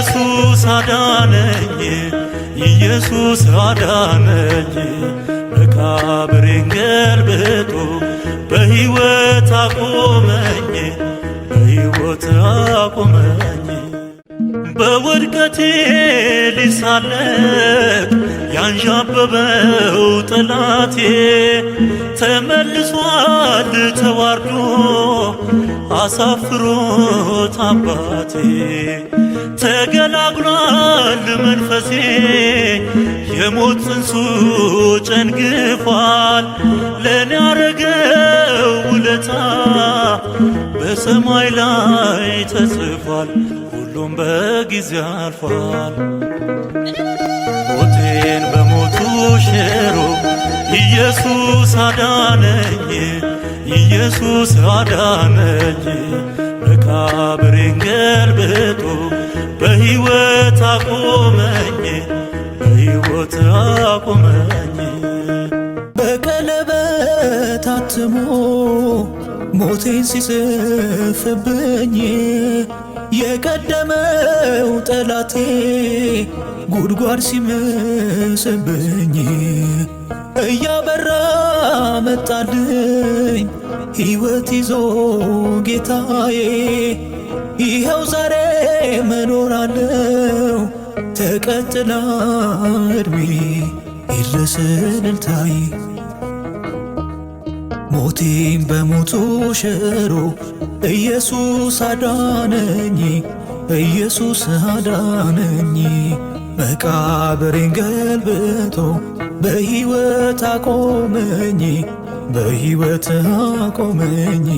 ኢየሱስ አዳነኝ ኢየሱስ አዳነኝ መቃብሬን ገልብጦ በሕይወት አቆመኝ በሕይወት አቆመኝ በውድቀቴ ሊሳለቅ ያንዣበበው ጠላቴ ተመልሷል ተዋርዶ አሳፍሮት አባቴ ተገላግሏል መንፈሴ የሞት ጽንሱ ጨንግፏል ለእኔ ያረገው ውለታ በሰማይ ላይ ተጽፏል ሁሉም በጊዜ አልፏል ሞቴን በሞቱ ሽሮ ኢየሱስ አዳነኝ ኢየሱስ አዳነኝ መቃብሬን ገልብጦ በሕይወት አቁመኝ በሕይወት አቁመኝ በቀለበት አትሞ ሞቴን ሲጽፍብኝ የቀደመው ጠላቴ ጉድጓድ ሲመስብኝ እያበራ መጣልኝ ሕይወት ይዞ ጌታዬ ይኸው ዛሬ መኖር አለው ተቀጥላ እድሜ ይድረስን ሞቴም በሞቱ ሽሮ ኢየሱስ አዳነኝ ኢየሱስ አዳነኝ መቃብሬን ገልብቶ በሕይወት አቆመኝ በሕይወት አቆመኝ